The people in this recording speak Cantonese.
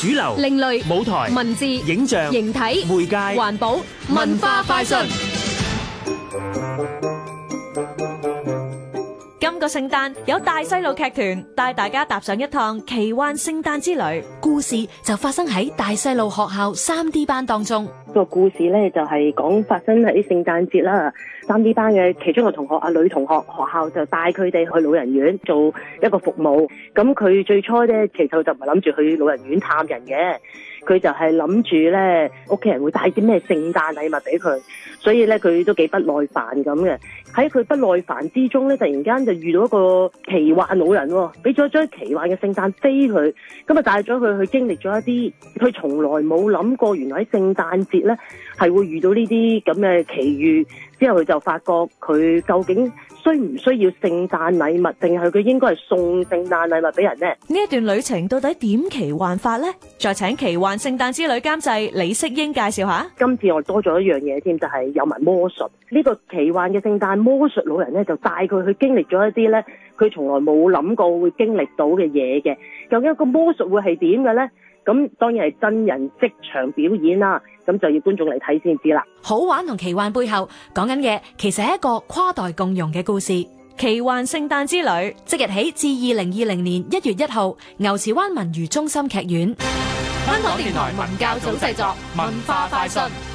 主流、另類、舞台、文字、影像、形體、媒介、環保、文化、快訊。個聖誕有大細路劇團帶大家踏上一趟奇幻聖誕之旅，故事就發生喺大細路學校三 D 班當中。個故事咧就係講發生喺聖誕節啦，三 D 班嘅其中一個同學阿女同學，學校就帶佢哋去老人院做一個服務。咁佢最初咧其實就唔係諗住去老人院探人嘅，佢就係諗住咧屋企人會帶啲咩聖誕禮物俾佢，所以咧佢都幾不耐煩咁嘅。喺佢不耐煩之中咧，突然間就遇到一個奇幻老人，俾咗一張奇幻嘅聖誕飛佢，咁啊帶咗佢去他經歷咗一啲，佢從來冇諗過，原來喺聖誕節咧係會遇到呢啲咁嘅奇遇。之後佢就發覺佢究竟需唔需要聖誕禮物，定係佢應該係送聖誕禮物俾人呢？呢一段旅程到底點奇幻法呢？再請奇幻聖誕之旅監製李色英介紹下。今次我多咗一樣嘢添，就係、是、有埋魔術。呢個奇幻嘅聖誕魔術老人咧，就帶佢去經歷咗一啲咧，佢從來冇諗過會經歷到嘅嘢嘅。究竟個魔術會係點嘅咧？咁當然係真人即場表演啦，咁就要觀眾嚟睇先知啦。好玩同奇幻背後講緊嘅其實係一個跨代共融嘅故事。奇幻聖誕之旅即日起至二零二零年一月一號，牛池灣文娛中心劇院。香港電台文教組製作，文化快訊。